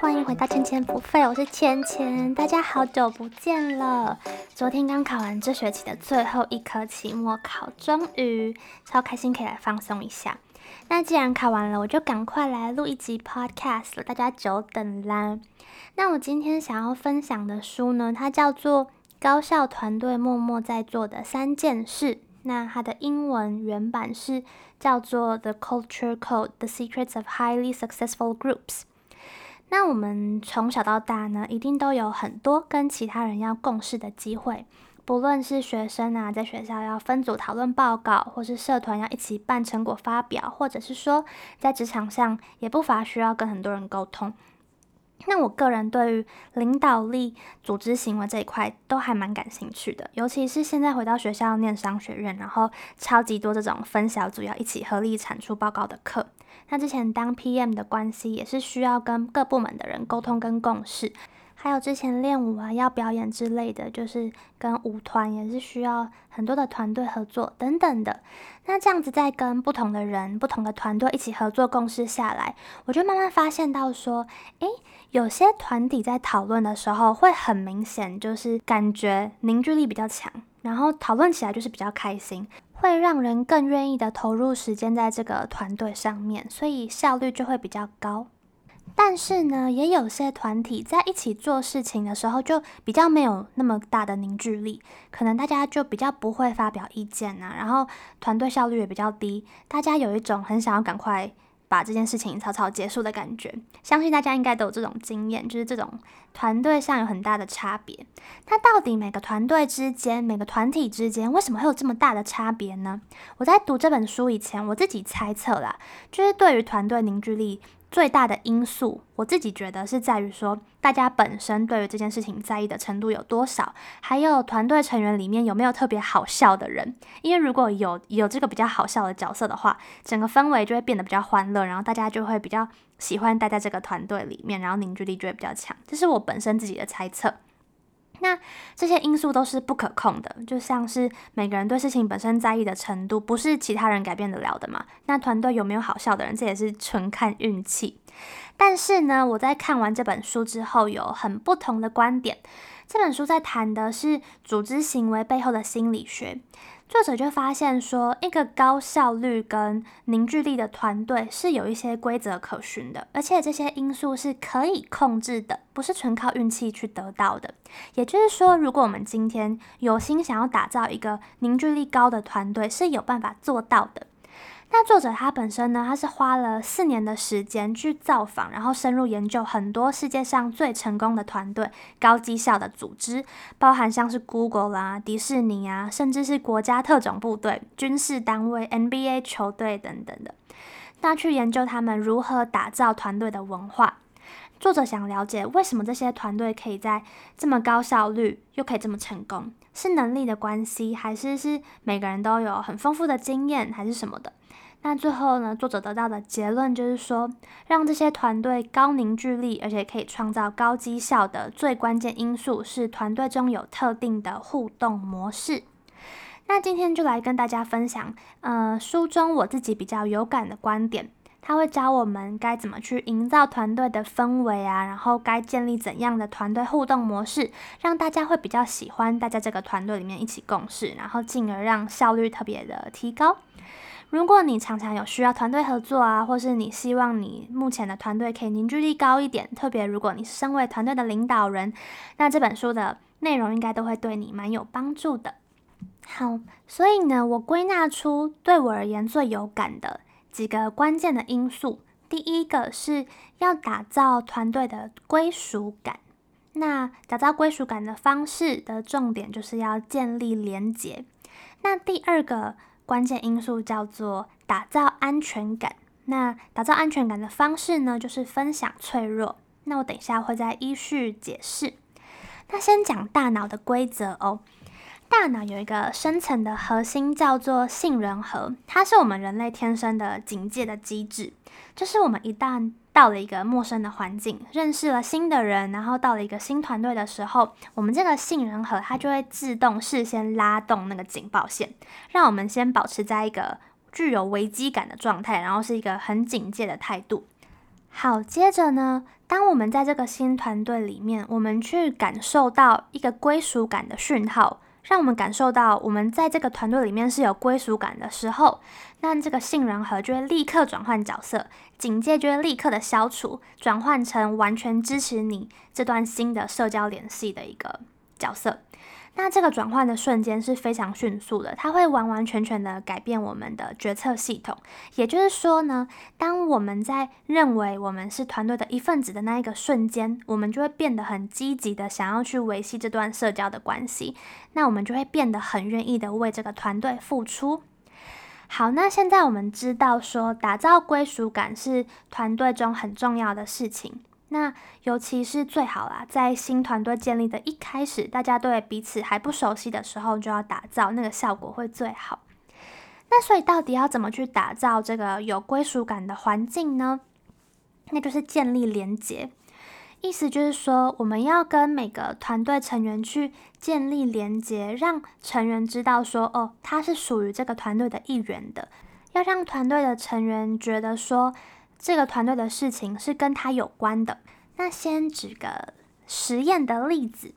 歡迎回到千千不廢，我是千千。大家好久不見了。昨天剛考完這學期的最後一科期末考，終於超開心，可以來放鬆一下。那既然考完了，我就趕快來錄一集 podcast，大家久等啦。那我今天想要分享的書呢，它叫做《高效團隊默默在做的三件事》。那它的英文原版是叫做《The Culture Code: The Secrets of Highly Successful Groups》。那我們從小到大呢，一定都有很多跟其他人要共事的機會，不論是學生啊，在學校要分組討論報告，或是社團要一起辦成果發表，或者是說在職場上，也不乏需要跟很多人溝通。那我個人對於領導力、組織行為這一塊都還蠻感興趣的，尤其是現在回到學校唸商學院，然後超級多這種分小組要一起合力產出報告的課。那之前當 PM 的關係，也是需要跟各部門的人溝通跟共識。還有之前練舞啊，要表演之類的，就是跟舞團也是需要很多的團隊合作等等的。那這樣子在跟不同的人、不同的團隊一起合作共事下來，我就慢慢發現到說，誒，有些團體在討論的時候會很明顯，就是感覺凝聚力比較強，然後討論起來就是比較開心，會讓人更願意的投入時間在這個團隊上面，所以效率就會比較高。但是呢，也有些團體在一起做事情的時候，就比較沒有那麼大的凝聚力，可能大家就比較不會發表意見吶、啊，然後團隊效率也比較低，大家有一種很想要趕快把這件事情草草結束的感覺。相信大家應該都有這種經驗，就是這種團隊上有很大的差別。那到底每個團隊之間、每個團體之間，為什麼會有這麼大的差別呢？我在讀這本書以前，我自己猜測啦，就是對於團隊凝聚力。最大的因素，我自己覺得是在於說，大家本身對於這件事情在意的程度有多少，還有團隊成員裡面有沒有特別好笑的人。因為如果有有這個比較好笑的角色的話，整個氛圍就會變得比較歡樂，然後大家就會比較喜歡待在這個團隊裡面，然後凝聚力就會比較強。這是我本身自己的猜測。那這些因素都是不可控的，就像是每個人對事情本身在意的程度，不是其他人改變得了的嘛。那團隊有沒有好笑的人，這也是純看運氣。但是呢，我在看完這本書之後，有很不同的觀點。這本書在談的是組織行為背後的心理學。作者就發現說，一個高效率跟凝聚力的團隊是有一些規則可循的，而且這些因素是可以控制的，不是純靠運氣去得到的。也就是說，如果我們今天有心想要打造一個凝聚力高的團隊，是有辦法做到的。那作者他本身呢？他是花了四年的時間去造訪，然後深入研究很多世界上最成功的團隊、高績效的組織，包含像是 Google 啦、啊、迪士尼啊，甚至是國家特種部隊、軍事單位、NBA 球隊等等的。那去研究他們如何打造團隊的文化。作者想了解，為什麼這些團隊可以在這麼高效率，又可以這麼成功？是能力的關係，還是是每個人都有很豐富的經驗，還是什麼的？那最後呢，作者得到的結論就是說，讓這些團隊高凝聚力，而且可以創造高績效的最關鍵因素是團隊中有特定的互動模式。那今天就來跟大家分享，呃，書中我自己比較有感的觀點，他會教我們該怎麼去營造團隊的氛圍啊，然後該建立怎樣的團隊互動模式，讓大家會比較喜歡待在這個團隊裡面一起共事，然後進而讓效率特別的提高。如果你常常有需要團隊合作啊，或是你希望你目前的團隊可以凝聚力高一點，特別如果你是身為團隊的領導人，那這本書的內容應該都會對你蠻有幫助的。好，所以呢，我歸納出對我而言最有感的幾個關鍵的因素。第一個是要打造團隊的歸屬感，那打造歸屬感的方式的重點就是要建立連結。那第二個，關鍵因素叫做打造安全感。那打造安全感的方式呢，就是分享脆弱。那我等一下會再依序解釋。那先講大腦的規則哦。大腦有一個深層的核心叫做杏仁核，它是我們人類天生的警戒的機制，就是我們一旦到了一個陌生的環境，認識了新的人，然後到了一個新團隊的時候，我們這個杏仁核它就會自動事先拉動那個警報線，讓我們先保持在一個具有危機感的狀態，然後是一個很警戒的態度。好，接着呢，當我們在這個新團隊裡面，我們去感受到一個歸屬感的訊號。讓我們感受到我們在這個團隊裡面是有歸屬感的時候，那這個杏仁核就會立刻轉換角色，警戒就會立刻的消除，轉換成完全支持你這段新的社交聯繫的一個角色。那這個轉換的瞬間是非常迅速的，它會完完全全的改變我們的決策系統。也就是說呢，當我們在認為我們是團隊的一份子的那一個瞬間，我們就會變得很積極的想要去維繫這段社交的關係，那我們就會變得很願意的為這個團隊付出。好，那現在我們知道說，打造歸屬感是團隊中很重要的事情。那尤其是最好啦，在新團隊建立的一開始，大家對彼此還不熟悉的時候，就要打造，那個效果會最好。那所以到底要怎麼去打造這個有歸屬感的環境呢？那就是建立連結，意思就是說，我們要跟每個團隊成員去建立連結，讓成員知道說，哦，他是屬於這個團隊的一員的，要讓團隊的成員覺得說，這個團隊的事情是跟他有關的。那先舉個實驗的例子，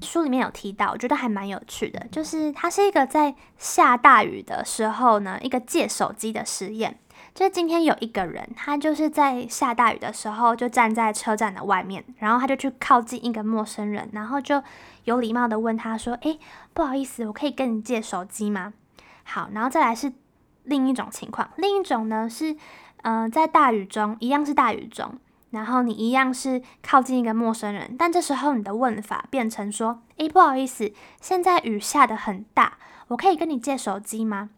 書裡面有提到，我覺得還蠻有趣的。就是他是一個在下大雨的時候呢，一個借手機的實驗。就是今天有一個人，他就是在下大雨的時候，就站在車站的外面，然後他就去靠近一個陌生人，然後就有禮貌地問他說：“誒，不好意思，我可以跟你借手機嗎？”好，然後再來是另一種情況，另一種呢是。嗯、呃，在大雨中，一樣是大雨中，然後你一樣是靠近一個陌生人，但這時候你的問法變成說：“誒，不好意思，現在雨下得很大，我可以跟你借手機嗎？”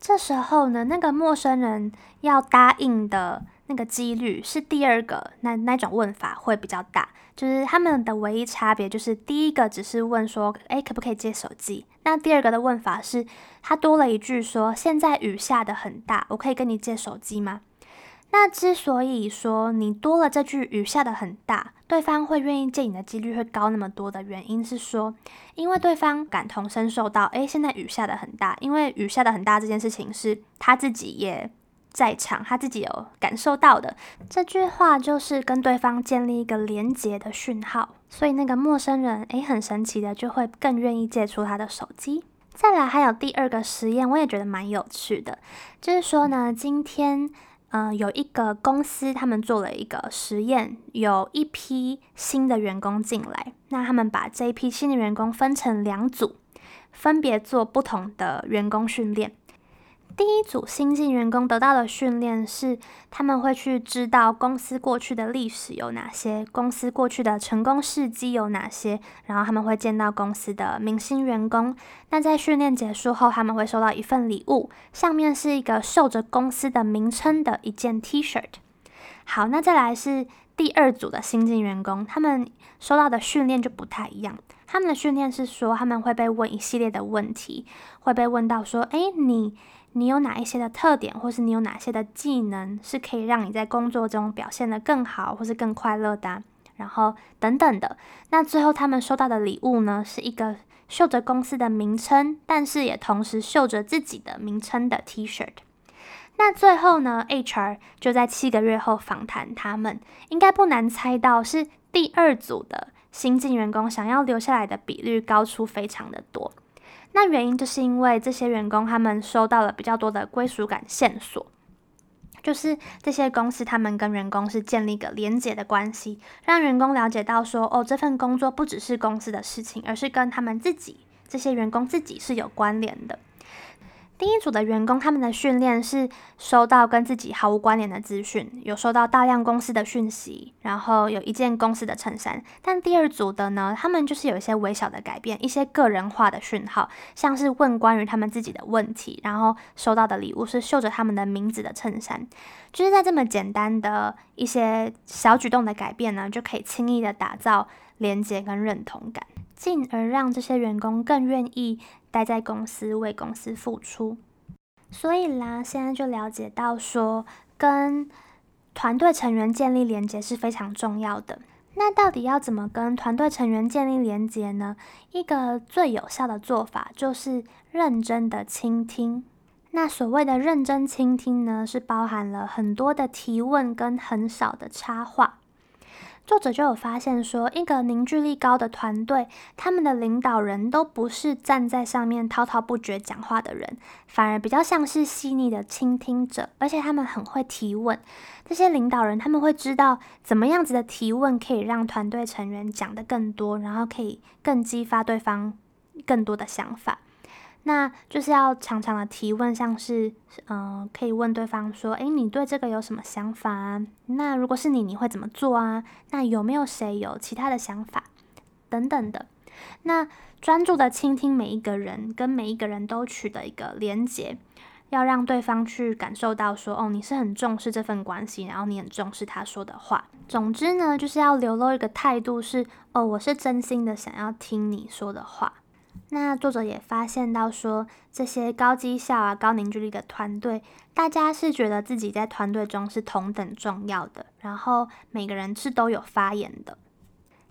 這時候呢，那個陌生人要答應的那個幾率是第二個，那那種問法會比較大。就是他們的唯一差別就是，第一個只是問說：“誒，可不可以借手機？”那第二個的問法是，他多了一句說：“現在雨下得很大，我可以跟你借手機嗎？”那之所以說你多了這句“雨下得很大”，對方會願意借你的幾率會高那麼多的原因是說，因為對方感同身受到，哎，現在雨下得很大。因為雨下得很大這件事情是他自己也在場，他自己有感受到的。這句話就是跟對方建立一個連接的訊號，所以那個陌生人，哎，很神奇的就會更願意借出他的手機。再來，還有第二個實驗，我也覺得蠻有趣的，就是說呢，今天。嗯，有一個公司，他們做了一個實驗，有一批新的員工進來，那他們把這一批新的員工分成兩組，分別做不同的員工訓練。第一組新進員工得到的訓練是，他們會去知道公司過去的歷史有哪些，公司過去的成功事蹟有哪些，然後他們會見到公司的明星員工。那在訓練結束後，他們會收到一份禮物，上面是一個繡着公司的名稱的一件 T 恤。好，那再來是第二組的新進員工，他們收到的訓練就不太一樣。他們的訓練是說，他們會被問一系列的問題，會被問到說：“誒，你？”你有哪一些的特點，或是你有哪些的技能，是可以讓你在工作中表現得更好，或是更快樂的啊，然後等等的。那最後他們收到的禮物呢，是一個繡着公司的名稱，但是也同時繡着自己的名稱的 T-shirt。那最後呢，HR 就在七個月後訪談他們，應該不難猜到，是第二組的新進員工想要留下來的比率高出非常的多。那原因就是因為這些員工他們收到了比較多的歸屬感線索，就是這些公司他們跟員工是建立一個連結的關係，讓員工了解到說，哦，這份工作不只是公司的事情，而是跟他們自己這些員工自己是有關聯的。第一組的員工，他們的訓練是收到跟自己毫無關聯的資訊，有收到大量公司的訊息，然後有一件公司的襯衫。但第二組的呢，他們就是有一些微小的改變，一些個人化的訊號，像是問關於他們自己的問題，然後收到的禮物是繡着他們的名字的襯衫。就是在這麼簡單的一些小舉動的改變呢，就可以輕易的打造連結跟認同感，進而讓這些員工更願意，待在公司，為公司付出，所以啦，現在就了解到說，跟團隊成員建立連接是非常重要的。那到底要怎麼跟團隊成員建立連接呢？一個最有效的做法就是認真的傾聽。那所謂的認真傾聽呢，是包含了很多的提問跟很少的插話。作者就有發現說，一個凝聚力高的團隊，他們的領導人都不是站在上面滔滔不絕講話的人，反而比較像是細膩的傾聽者，而且他們很會提問。這些領導人他們會知道怎麼樣子的提問可以讓團隊成員講得更多，然後可以更激發對方更多的想法。那就是要常常的提問，像是，嗯，呃，可以問對方說，誒，你對這個有什麼想法啊？那如果是你，你會怎麼做啊？那有沒有誰有其他的想法？等等的。那專注的傾聽每一個人，跟每一個人都取得一個連結，要讓對方去感受到說，哦，你是很重視這份關係，然後你很重視他說的話。總之呢，就是要流露一個態度，是，哦，我是真心的想要聽你說的話。那作者也發現到說，這些高績效啊、高凝聚力的團隊，大家是覺得自己在團隊中是同等重要的，然後每個人是都有發言的。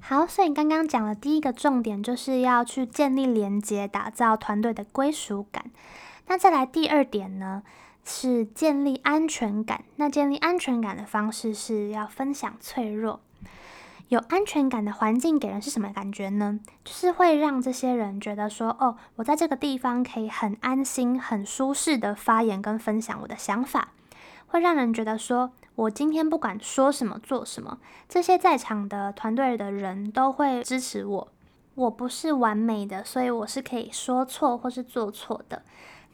好，所以你剛剛講的第一個重點就是要去建立連接，打造團隊的歸屬感。那再來第二點呢，是建立安全感。那建立安全感的方式是要分享脆弱。有安全感的環境給人是什麼感覺呢？就是會讓這些人覺得說：“哦，我在這個地方可以很安心、很舒適的發言跟分享我的想法。”會讓人覺得說：“我今天不管說什麼、做什麼，這些在場的團隊的人都會支持我。我不是完美的，所以我是可以說錯或是做錯的。”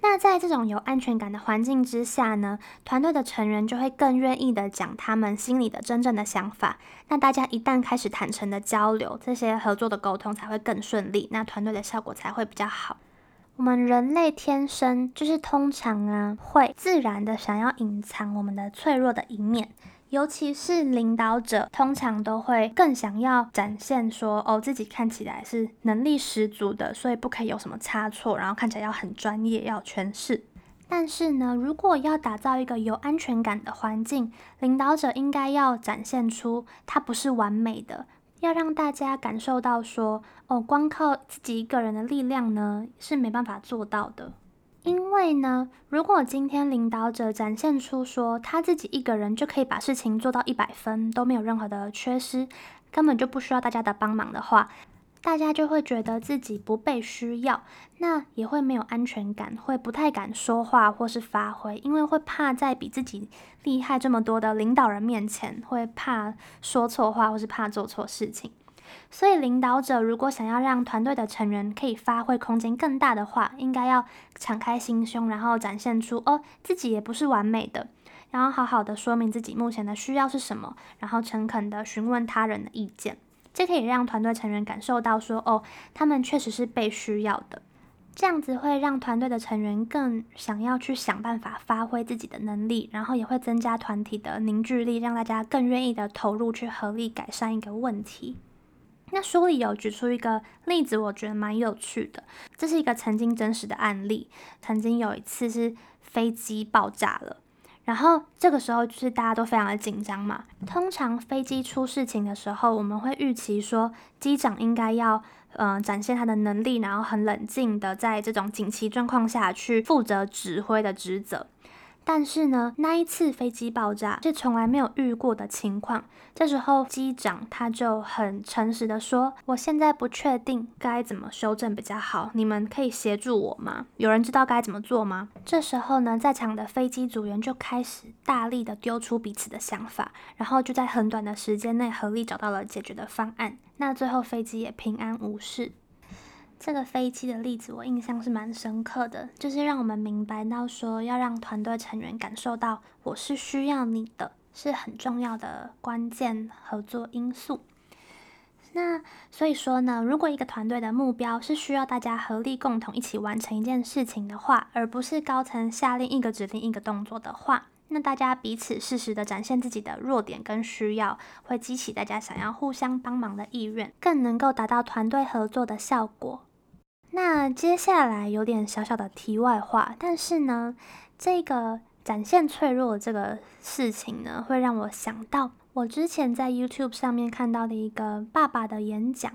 那在這種有安全感的環境之下呢，團隊的成員就會更願意的講他們心裡的真正的想法。那大家一旦開始坦誠的交流，這些合作的溝通才會更順利，那團隊的效果才會比較好。我們人類天生就是通常啊，會自然的想要隱藏我們的脆弱的一面。尤其是領導者，通常都會更想要展現說，哦，自己看起來是能力十足的，所以不可以有什麼差錯，然後看起來要很專業，要詮釋。但是呢，如果要打造一個有安全感的環境，領導者應該要展現出他不是完美的，要讓大家感受到說，哦，光靠自己一個人的力量呢，是沒辦法做到的。因為呢，如果今天領導者展現出說他自己一個人就可以把事情做到一百分，都沒有任何的缺失，根本就不需要大家的幫忙的話，大家就會覺得自己不被需要，那也會沒有安全感，會不太敢說話或是發揮，因為會怕在比自己厲害這麼多的領導人面前，會怕說錯話或是怕做錯事情。所以，領導者如果想要讓團隊的成員可以發揮空間更大的話，應該要敞開心胸，然後展現出哦自己也不是完美的，然後好好的說明自己目前的需要是什麼，然後誠懇的詢問他人的意見，這可以讓團隊成員感受到說哦他們確實是被需要的，這樣子會讓團隊的成員更想要去想辦法發揮自己的能力，然後也會增加團體的凝聚力，讓大家更願意的投入去合力改善一個問題。那書裡有舉出一個例子，我覺得蠻有趣的。這是一個曾經真實的案例。曾經有一次是飛機爆炸了，然後這個時候就是大家都非常的緊張嘛。通常飛機出事情的時候，我們會預期說機長應該要嗯、呃、展現他的能力，然後很冷靜的在這種緊急狀況下去負責指揮的職責。但是呢，那一次飛機爆炸是從來沒有遇過的情況。這時候機長他就很誠實的說：“我現在不確定該怎麼修正比較好，你們可以協助我嗎？有人知道該怎麼做嗎？”這時候呢，在場的飛機組員就開始大力的丟出彼此的想法，然後就在很短的時間內合力找到了解決的方案。那最後飛機也平安無事。這個飛機的例子我印象是蠻深刻的，就是讓我們明白到說，要讓團隊成員感受到我是需要你的，是很重要的關鍵合作因素。那所以說呢，如果一個團隊的目標是需要大家合力共同一起完成一件事情的話，而不是高層下令一個指令一個動作的話，那大家彼此適時的展現自己的弱點跟需要，會激起大家想要互相幫忙的意願，更能夠達到團隊合作的效果。那接下來有點小小的題外話，但是呢，這個展現脆弱的這個事情呢，會讓我想到我之前在 YouTube 上面看到的一個爸爸的演講。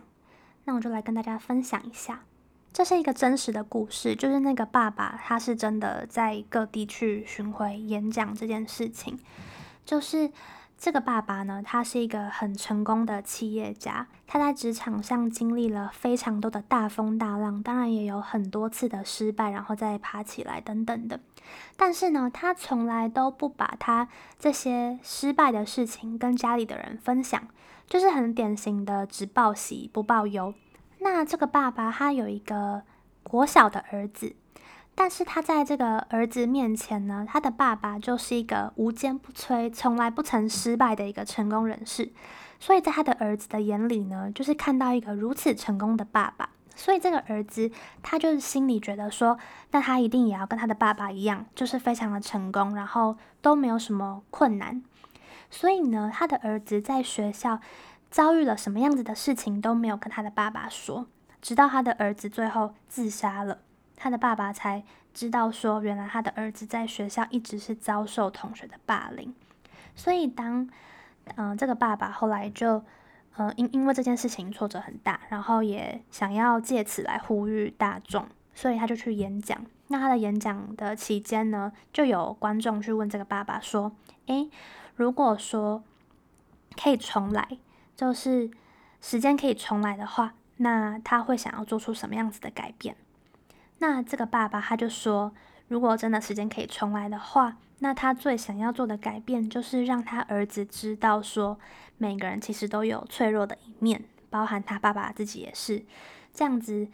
那我就來跟大家分享一下，這是一個真實的故事，就是那個爸爸他是真的在各地去巡迴演講這件事情，就是。這個爸爸呢，他是一個很成功的企業家，他在職場上經歷了非常多的大風大浪，當然也有很多次的失敗，然後再爬起來等等的。但是呢，他從來都不把他這些失敗的事情跟家裡的人分享，就是很典型的只報喜不報憂。那這個爸爸他有一個國小的兒子。但是他在這個兒子面前呢，他的爸爸就是一個無堅不摧、從來不曾失敗的一個成功人士，所以在他的兒子的眼裡呢，就是看到一個如此成功的爸爸，所以這個兒子他就是心裡覺得說，那他一定也要跟他的爸爸一樣，就是非常的成功，然後都沒有什麼困難。所以呢，他的兒子在學校遭遇了什麼樣子的事情都沒有跟他的爸爸說，直到他的兒子最後自殺了。他的爸爸才知道說，原來他的兒子在學校一直是遭受同學的霸凌，所以當，嗯、呃，這個爸爸後來就，嗯、呃，因因為這件事情挫折很大，然後也想要借此來呼籲大眾，所以他就去演講。那他的演講的期間呢，就有觀眾去問這個爸爸說，誒，如果說可以重來，就是時間可以重來的話，那他會想要做出什麼樣子的改變？那這個爸爸他就說，如果真的時間可以重來的話，那他最想要做的改變就是讓他兒子知道，說每個人其實都有脆弱的一面，包含他爸爸自己也是。這樣子，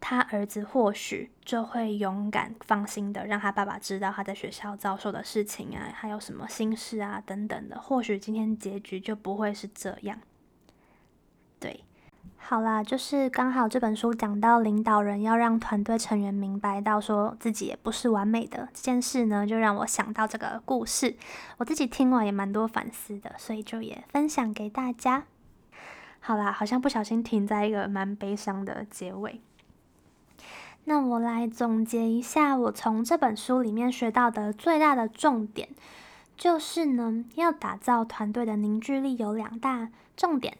他兒子或許就會勇敢、放心的讓他爸爸知道他在學校遭受的事情啊，還有什麼心事啊等等的，或許今天結局就不會是這樣。對。好啦，就是剛好這本書講到領導人要讓團隊成員明白到說自己也不是完美的這件事呢，就讓我想到這個故事。我自己聽完也蠻多反思的，所以就也分享給大家。好啦，好像不小心停在一個蠻悲傷的結尾。那我來總結一下，我從這本書裡面學到的最大的重點，就是呢，要打造團隊的凝聚力有兩大重點。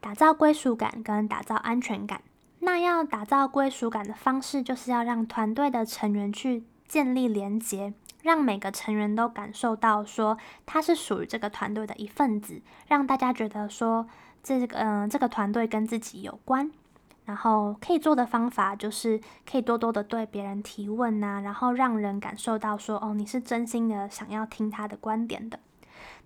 打造歸屬感跟打造安全感，那要打造歸屬感的方式，就是要讓團隊的成員去建立連結，讓每個成員都感受到說他是屬於這個團隊的一份子，讓大家覺得說這個嗯、呃、這個團隊跟自己有關。然後可以做的方法就是可以多多的對別人提問吶、啊，然後讓人感受到說哦你是真心的想要聽他的觀點的。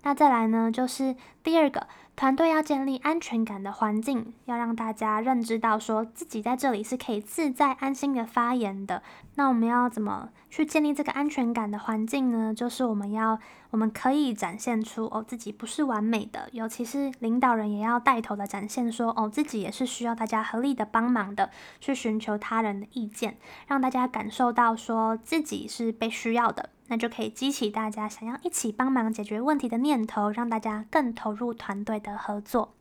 那再來呢，就是第二個團隊要建立安全感的環境，要讓大家認知到說自己在這裡是可以自在安心的發言的。那我們要怎麼去建立這個安全感的環境呢？就是我們要我們可以展現出哦自己不是完美的，尤其是領導人也要帶頭的展現說哦自己也是需要大家合力的幫忙的，去尋求他人的意見，讓大家感受到說自己是被需要的。那就可以激起大家想要一起幫忙解決問題的念頭，讓大家更投入團隊的合作。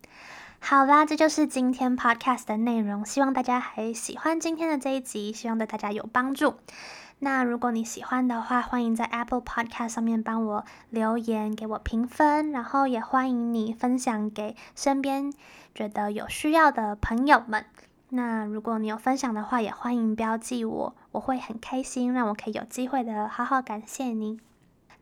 好啦，這就是今天 Podcast 的內容，希望大家還喜歡今天的這一集，希望對大家有幫助。那如果你喜歡的話，歡迎在 Apple Podcast 上面幫我留言，給我評分，然後也歡迎你分享給身邊覺得有需要的朋友們。那如果你有分享的話，也歡迎標記我，我會很開心，讓我可以有機會的好好感謝你。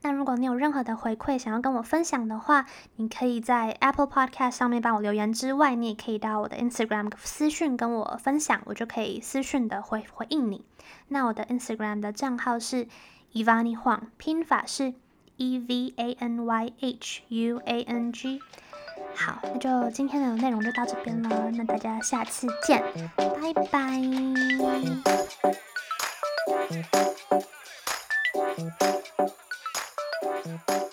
那如果你有任何的回饋想要跟我分享的話，你可以在 Apple Podcast 上面幫我留言，之外你也可以到我的 Instagram 私訊跟我分享，我就可以私訊的回回應你。那我的 Instagram 的賬號是 Evany Huang，拼法是 E V A N Y H U A N G。好，那就今天的內容就到這邊了，那大家下次見，嗯、拜拜。嗯嗯嗯嗯